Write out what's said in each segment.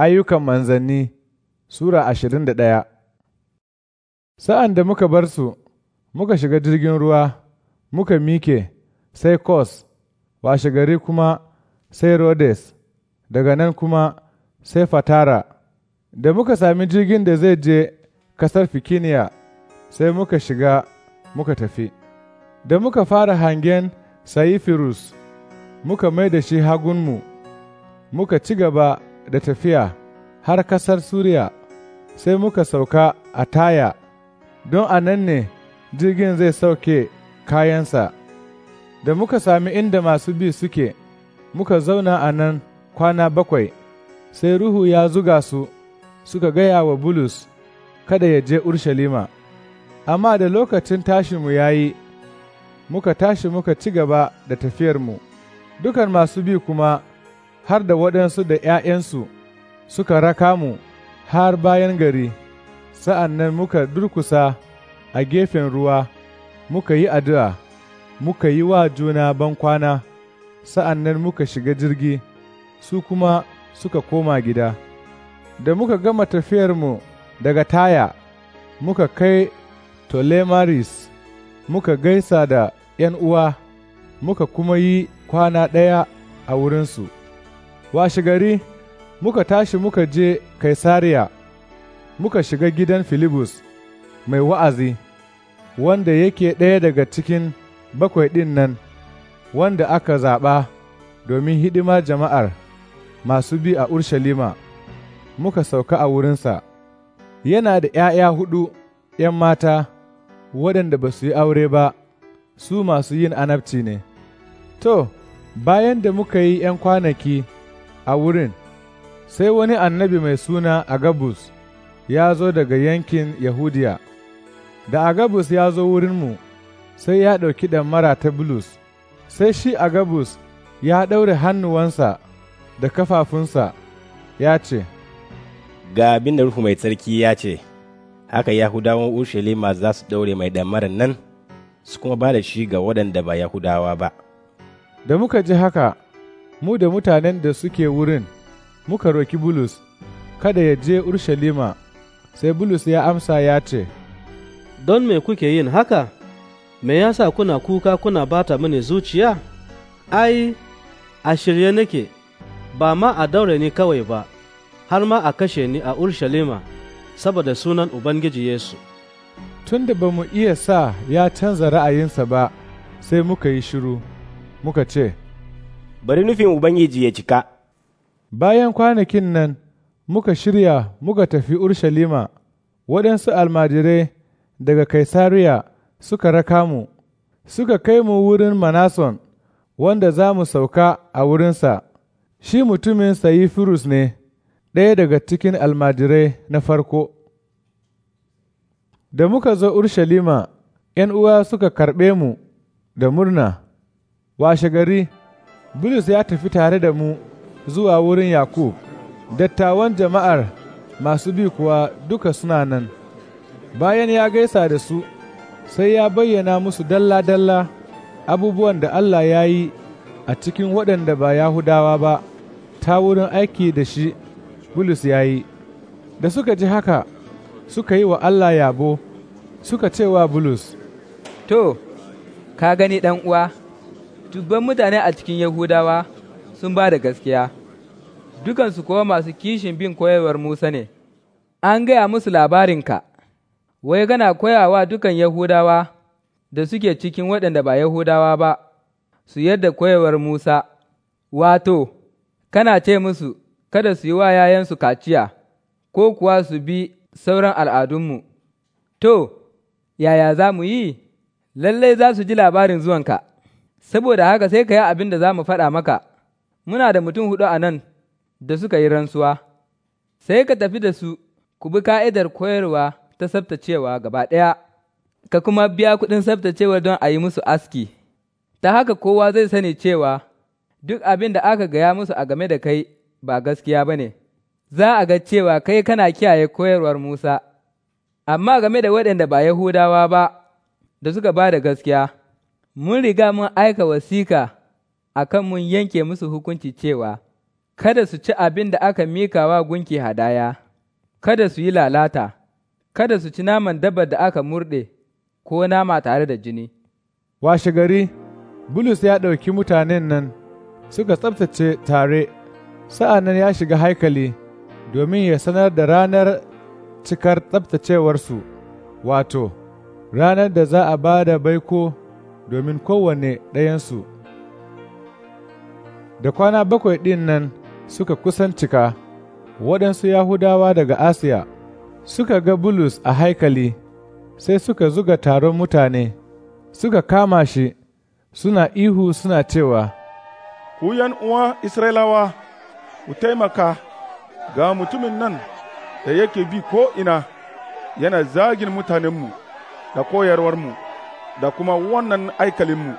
Ayyukan manzanni Sura ashirin da ɗaya Sa'an da muka bar su, muka shiga jirgin ruwa, muka mike, sai Kos, washegari kuma sai Rhodes, daga nan kuma sai Fatara, da muka sami jirgin da zai je kasar Fikiniya, sai muka shiga muka tafi. Da muka fara hangen Saifirus, muka mai da shi hagunmu, muka ci gaba da tafiya har ƙasar Suriya, sai muka sauka a Taya, don a nan ne jirgin zai sauke kayansa. Da muka sami inda masu bi suke, muka zauna a nan kwana bakwai, sai Ruhu ya zuga su suka gaya wa Bulus kada ya je Urshalima. Amma da lokacin tashinmu ya yi, muka tashi muka ci gaba da tafiyarmu, dukan masu bi kuma har da waɗansu da ’ya'yansu suka raka mu har bayan gari, sa'an nan muka durkusa a gefen ruwa, muka yi addu'a, muka yi wa juna bankwana, sa'an nan muka shiga jirgi, su kuma suka koma gida. Da muka gama tafiyarmu daga Taya, muka kai Tolemaris, muka gaisa da ’yan uwa, muka kuma yi kwana ɗaya a wurinsu. washe gari muka tashi muka je Kaisariya, muka shiga gidan Filibus mai wa'azi, wanda yake ɗaya daga cikin bakwai ɗin nan, wanda aka zaɓa domin hidima jama'ar masu bi a Urshalima, muka sauka a wurinsa. Yana da ’ya'ya huɗu ’yan mata waɗanda ba su yi aure ba, su masu yin anabci ne. To, bayan da muka yi ’yan kwanaki, a wurin, sai wani annabi mai suna Agabus ya zo daga yankin Yahudiya. Da Agabus ya zo wurinmu, sai ya ɗauki ɗamara ta Bulus, sai shi Agabus ya ɗaure hannuwansa da kafafunsa ya ce, Ga abin da Ruhu mai tsarki ya ce, Haka Yahudawan Urshalima za su ɗaure mai ɗamarar nan, su kuma ba da shi ga waɗanda ba Yahudawa ba. Da muka ji haka, mu da mutanen da suke wurin muka roki Bulus kada ya je Urshalima, sai Bulus ya amsa ya ce, Don me kuke yin haka? Me yasa kuna kuka kuna bata mini zuciya? Ai, a shirye nake, ba ma a daure ni kawai ba, har ma a kashe ni a Urshalima saboda sunan Ubangiji Yesu. Tun da ba mu iya sa ya canza ra'ayinsa ba, sai muka yi shiru, muka ce, bari nufin Ubangiji ya cika. Bayan kwanakin nan muka shirya muka tafi Urshalima, waɗansu almajirai daga Kaisariya suka raka mu, suka kai mu wurin Manason, wanda za mu sauka a wurinsa, shi mutumin sayi firus ne, ɗaya daga cikin almajirai na farko. Da muka zo Urshalima, ’yan uwa suka karɓe mu da murna, washe gari. Bulus ya tafi tare da mu zuwa wurin Yakub, dattawan jama'ar masu bi kuwa duka suna nan. Bayan ya gaisa da su, sai ya bayyana musu dalla-dalla abubuwan da Allah ya yi a cikin waɗanda ba Yahudawa ba, ta wurin aiki da shi Bulus ya yi. Da suka ji haka, suka yi wa Allah yabo, suka ce wa Bulus, To, ka gani uwa. dubban mutane a cikin Yahudawa sun ba da gaskiya, dukansu kuwa masu kishin bin koyarwar Musa ne, an gaya musu labarinka, wai gana koyawa dukan Yahudawa da suke cikin waɗanda ba Yahudawa ba, su yadda koyarwar Musa, wato, kana ce musu, kada su yi wa yayansu kaciya, ko kuwa su bi sauran al'adunmu. To, yaya za mu yi? Lallai za su ji labarin zuwanka. saboda haka sai ka yi abin da za mu faɗa maka, muna da mutum huɗu a nan da suka yi rantsuwa, sai ka tafi da su ku bi ka'idar koyarwa ta tsaftacewa gaba ɗaya, ka kuma biya kuɗin tsaftacewa don a yi musu aski, ta haka kowa zai sani cewa duk abin da aka gaya musu a game da kai ba gaskiya ba ne, za a ga cewa kai kana kiyaye koyarwar Musa, amma game da waɗanda ba Yahudawa ba da suka ba gaskiya. mun riga mun aika wasiƙa a kan mun yanke musu hukunci cewa, Kada su ci abin da aka mikawa gunki hadaya, kada su yi lalata, kada su ci naman dabar da aka murɗe ko nama tare da jini. Washe gari, Bulus ya ɗauki mutanen nan suka tsabtace tare, sa'an nan ya shiga haikali domin ya sanar da ranar cikar tsabtacewarsu, wato, ranar da za a ba da baiko domin kowane ɗayansu. Da kwana bakwai ɗin nan suka kusan cika, waɗansu Yahudawa daga Asiya suka ga Bulus a haikali, sai suka zuga taron mutane, suka kama shi, suna ihu suna cewa, Ku uwa Isra'ilawa, ku taimaka ga mutumin nan da yake bi ko'ina yana zagin mutanenmu da koyarwarmu. mu. da kuma wannan aikalinmu,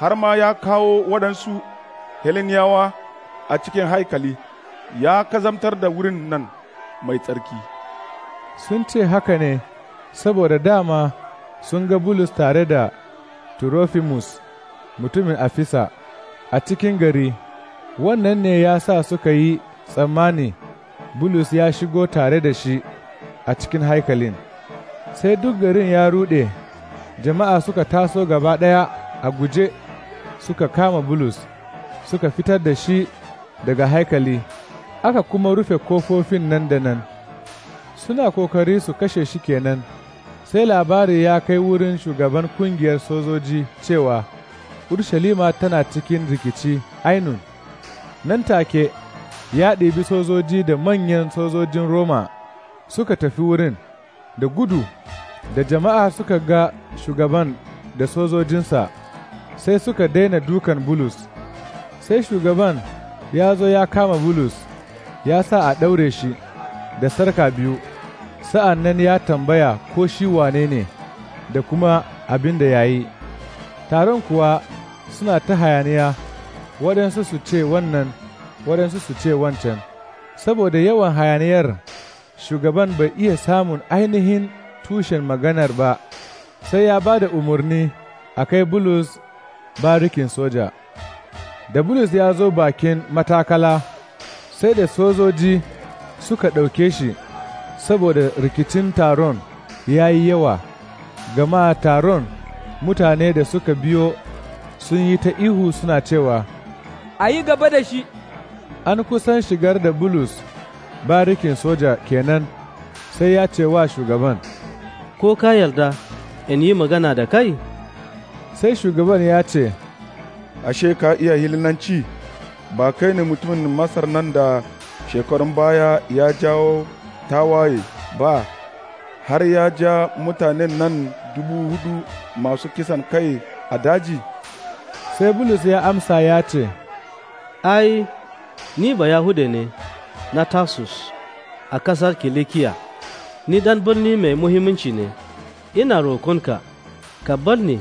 har ma ya kawo waɗansu heliniyawa a cikin haikali, ya kazamtar da wurin nan mai tsarki. Sun ce haka ne, saboda dama sun ga Bulus tare da Turofimus mutumin Afisa a cikin gari, wannan ne ya sa suka yi tsammani Bulus ya shigo tare da shi a cikin haikalin, sai duk garin ya ruɗe. jama'a suka taso gaba ɗaya a guje suka kama bulus suka fitar da shi daga haikali aka kuma rufe kofofin nan da nan suna kokari su kashe shi kenan sai labari ya kai wurin shugaban kungiyar sojoji cewa urshalima tana cikin rikici ainun nan take ya ɗebi sojoji da manyan sojojin roma suka tafi wurin da gudu Da jama'a suka ga shugaban da sojojinsa sai suka daina dukan Bulus, sai shugaban ya zo ya kama Bulus ya sa a ɗaure shi da sarka biyu, sa'an nan ya tambaya ko shi wane ne da kuma abin da ya yi. Taron kuwa suna ta hayaniya, waɗansu su ce wannan, waɗansu su ce wancan. Saboda yawan hayaniyar, shugaban bai iya samun ainihin tushen maganar ba, sai ya ba da umarni a kai Bulus barikin soja. Da Bulus ya zo bakin matakala, sai da sojoji suka ɗauke shi saboda rikicin taron ya yi yawa, gama taron mutane da suka biyo sun yi ta ihu suna cewa, A yi gaba da shi! An kusan shigar da Bulus barikin soja kenan sai ya ce wa shugaban. ko ka yarda in yi magana da kai? Sai shugaban ya ce, Ashe ka iya hilinanci, ba kai ne mutumin Masar nan da shekarun baya ya jawo tawaye ba, har ya ja mutanen nan dubu hudu masu kisan kai a daji? Sai Bulus ya amsa ya ce, Ai, ni ba Yahude ne na Tarsus a ƙasar Kilikiya. ni dan birni mai muhimmanci ne, ina rokonka, ka bar ni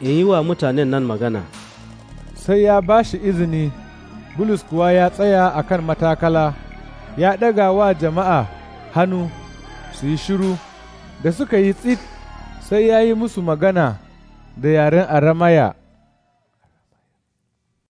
in yi wa mutanen nan magana. Sai ya ba shi izini, Bulus kuwa ya tsaya a kan matakala, ya ɗaga wa jama'a hannu su yi shiru, da suka yi tsit sai ya yi musu magana da yaren aramaya.